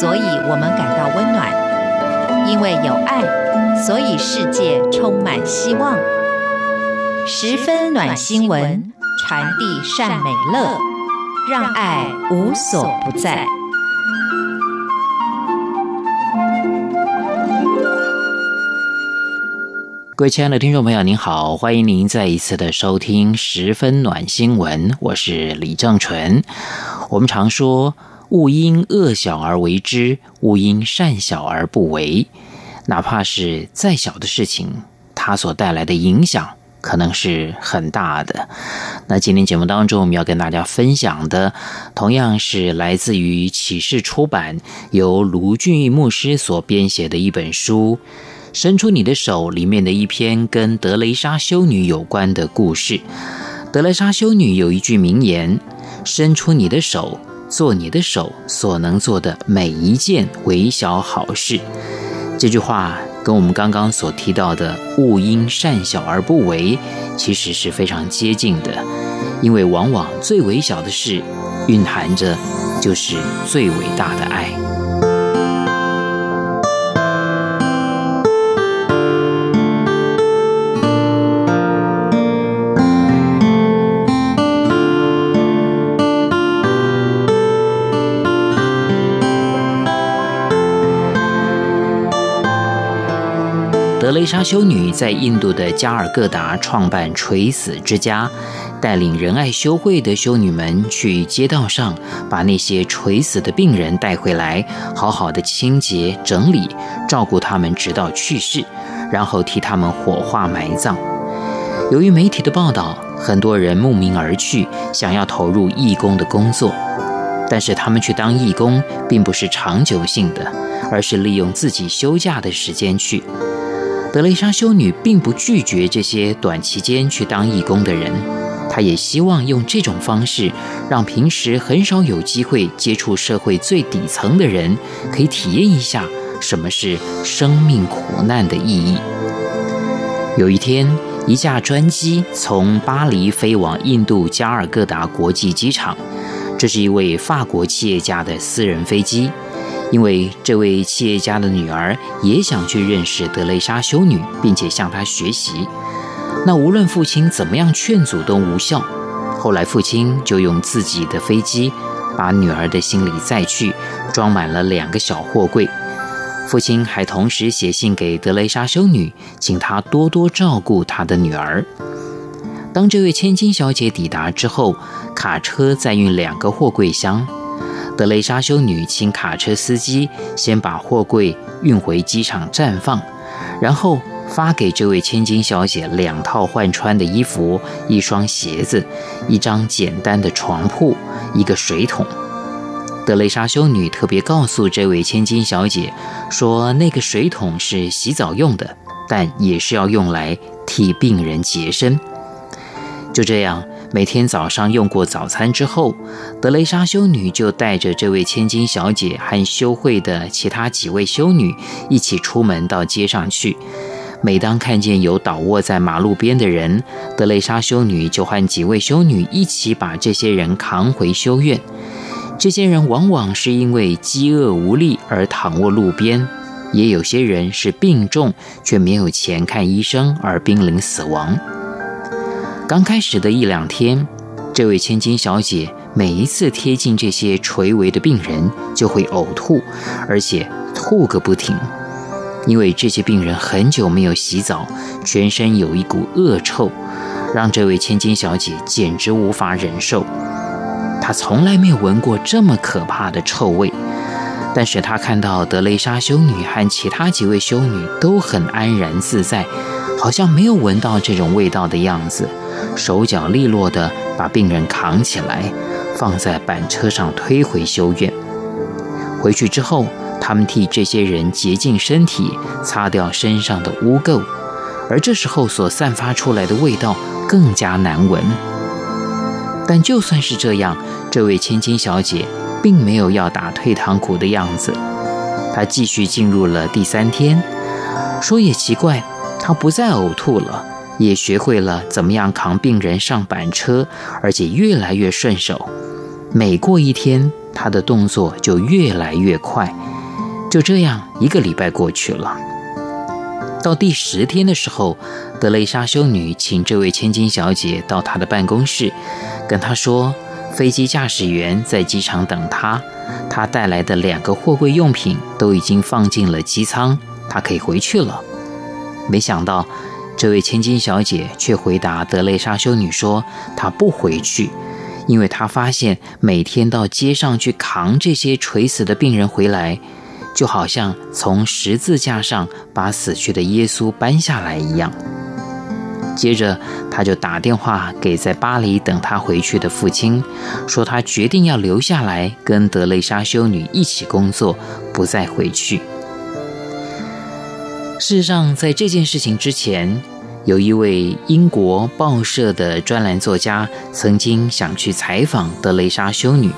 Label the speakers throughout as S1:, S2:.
S1: 所以我們感到溫暖，因為有愛，所以世界充滿希望。十分暖新聞，傳遞善美樂，讓愛無所不在。各位親愛的聽眾朋友，您好，歡迎您再一次的收聽《十分暖新聞》，我是李正淳。我們常說，勿因惡小而為之，勿因善小而不為。哪怕是再小的事情，它所帶來的影響可能是很大的。那今天節目當中，我們要跟大家分享的，同樣是來自於啟示出版，由盧俊義牧師所編寫的一本書《伸出你的手》裡面的一篇跟德蕾莎修女有關的故事。德蕾莎修女有一句名言：“伸出你的手。”做你的手所能做的每一件微小好事，這句話跟我們剛剛所提到的“勿因善小而不為”其實是非常接近的，因為往往最微小的事，蘊含着就是最偉大的愛。德蕾莎修女在印度的加爾各答創辦垂死之家，帶領仁愛修會的修女們去街道上把那些垂死的病人帶回來，好好的清潔整理，照顧他們直到去世，然後替他們火化埋葬。由於媒體的報道，很多人慕名而去，想要投入義工的工作，但是他們去當義工並不是長久性的，而是利用自己休假的時間去。德蕾莎修女並不拒絕這些短期間去當義工的人，她也希望用這種方式，讓平時很少有機會接觸社會最底層的人，可以體驗一下什麼是生命苦難的意義。有一天，一架專機從巴黎飛往印度加爾各答國際機場，這是一位法國企業家的私人飛機。因為這位企業家的女兒也想去認識德蕾莎修女，並且向她學習，那無論父親怎麼樣勸阻都無效。後來父親就用自己的飛機把女兒的行李載去，裝滿了兩個小貨櫃。父親還同時寫信給德蕾莎修女，請她多多照顧她的女兒。當這位千金小姐抵達之後，卡車載運兩個貨櫃箱。德蕾莎修女請卡車司機先把貨櫃運回機場暫放，然後發給這位千金小姐兩套換穿的衣服、一雙鞋子、一張簡單的床鋪、一個水桶。德蕾莎修女特別告訴這位千金小姐說，那個水桶是洗澡用的，但也是要用來替病人潔身。就這樣。每天早上用過早餐之後，德蕾莎修女就帶着這位千金小姐和修會的其他幾位修女一起出門到街上去。每當看見有倒臥在馬路邊的人，德蕾莎修女就和幾位修女一起把這些人扛回修院。這些人往往是因為飢餓無力而躺臥路邊，也有些人是病重卻沒有錢看醫生而瀕臨死亡。剛開始的一兩天，這位千金小姐每一次貼近這些垂危的病人，就會嘔吐，而且吐個不停。因為這些病人很久沒有洗澡，全身有一股惡臭，讓這位千金小姐簡直無法忍受。她從來沒有聞過這麼可怕的臭味。但是她看到德蕾莎修女和其他幾位修女都很安然自在。好像沒有聞到這種味道的樣子，手腳利落的把病人扛起來，放在板車上推回修院。回去之後，他們替這些人潔淨身體，擦掉身上的污垢，而這時候所散發出來的味道更加難聞。但就算是這樣，這位千金小姐並沒有要打退堂鼓的樣子，她繼續進入了第三天，說也奇怪。他不再嘔吐了，也學會了怎麼樣扛病人上板車，而且越來越順手。每過一天，他的動作就越來越快。就這樣，一個禮拜過去了。到第十天的時候，德蕾莎修女請這位千金小姐到她的辦公室，跟她說：“飛機駕駛員在機場等她，她帶來的兩個貨櫃用品都已經放進了機艙，她可以回去了。”沒想到，這位千金小姐卻回答德蕾莎修女說：“她不回去，因為她發現每天到街上去扛這些垂死的病人回來，就好像從十字架上把死去的耶穌搬下來一樣。”接着，她就打電話給在巴黎等她回去的父親，說她決定要留下來跟德蕾莎修女一起工作，不再回去。事實上，在這件事情之前，有一位英國報社的專欄作家曾經想去採訪德蕾莎修女。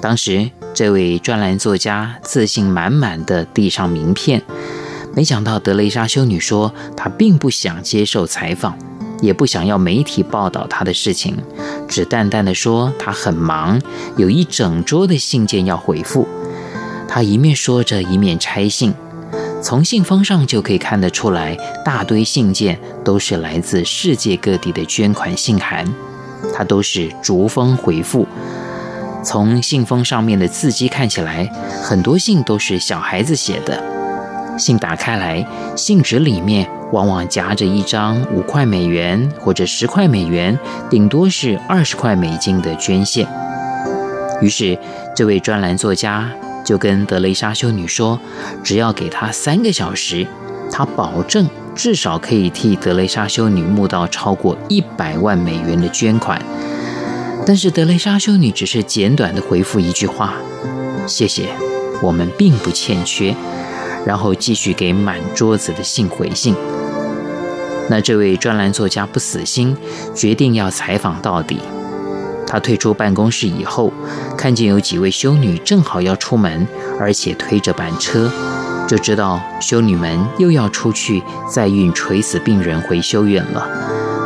S1: 當時，這位專欄作家自信滿滿的遞上名片，沒想到德蕾莎修女說她並不想接受採訪，也不想要媒體報道她的事情，只淡淡的說她很忙，有一整桌的信件要回復。她一面說着，一面拆信。從信封上就可以看得出來，大堆信件都是來自世界各地的捐款信函，它都是逐封回復。從信封上面的字跡看起來，很多信都是小孩子寫的。信打開來，信紙裡面往往夾着一張五塊美元或者十塊美元，頂多是二十塊美金的捐獻。於是，這位專欄作家，就跟德蕾莎修女說，只要給她三個小時，她保證至少可以替德蕾莎修女募到超過一百萬美元的捐款。但是德蕾莎修女只是簡短地回復一句話：“謝謝，我們並不欠缺。”然後繼續給滿桌子的信回信。那這位專欄作家不死心，決定要採訪到底。他退出辦公室以後，看見有幾位修女正好要出門，而且推着板車，就知道修女們又要出去再運垂死病人回修院了。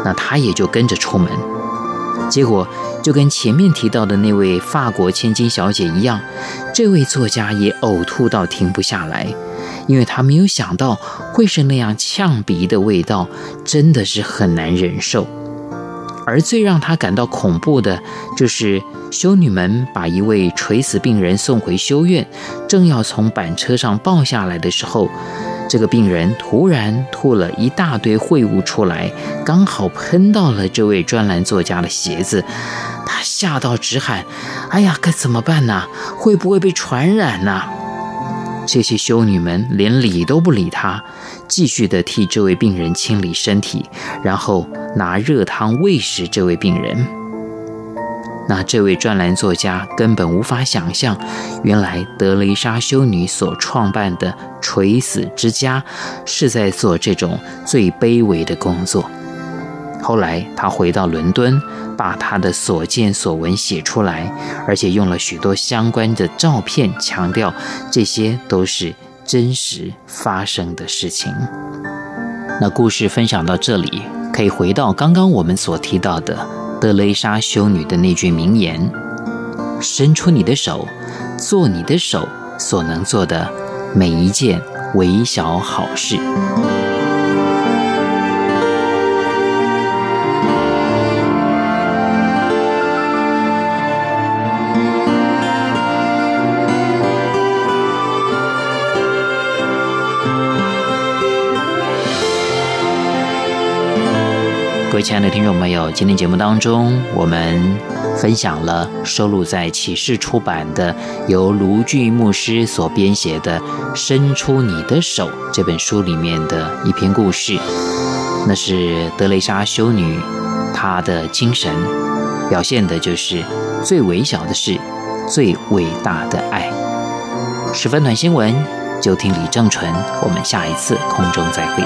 S1: 那他也就跟着出門，結果就跟前面提到的那位法國千金小姐一樣，這位作家也嘔吐到停不下來，因為他沒有想到會是那樣嗆鼻的味道，真的是很難忍受。而最讓他感到恐怖的，就是修女們把一位垂死病人送回修院，正要從板車上抱下來的時候，這個病人突然吐了一大堆穢物出來，剛好噴到了這位專欄作家的鞋子，他嚇到直喊：“哎呀，該怎麼辦呢？會不會被傳染呢？”這些修女們連理都不理他，繼續地替這位病人清理身體，然後拿熱湯餵食這位病人。那這位專欄作家根本無法想象，原來德蕾莎修女所創辦的垂死之家，是在做這種最卑微的工作。後來，他回到倫敦，把他的所見所聞寫出來，而且用了許多相關的照片，強調這些都是真實發生的事情。那故事分享到這裡，可以回到剛剛我們所提到的德蕾莎修女的那句名言：“伸出你的手，做你的手所能做的每一件微小好事。”親愛的聽眾朋友，今天節目當中，我們分享了收錄在啟示出版的由盧俊牧師所編寫的《伸出你的手》這本書裡面的一篇故事。那是德雷莎修女，她的精神表現的就是最微小的事，最偉大的愛，十分暖新聞。就聽李正淳，我們下一次空中再會。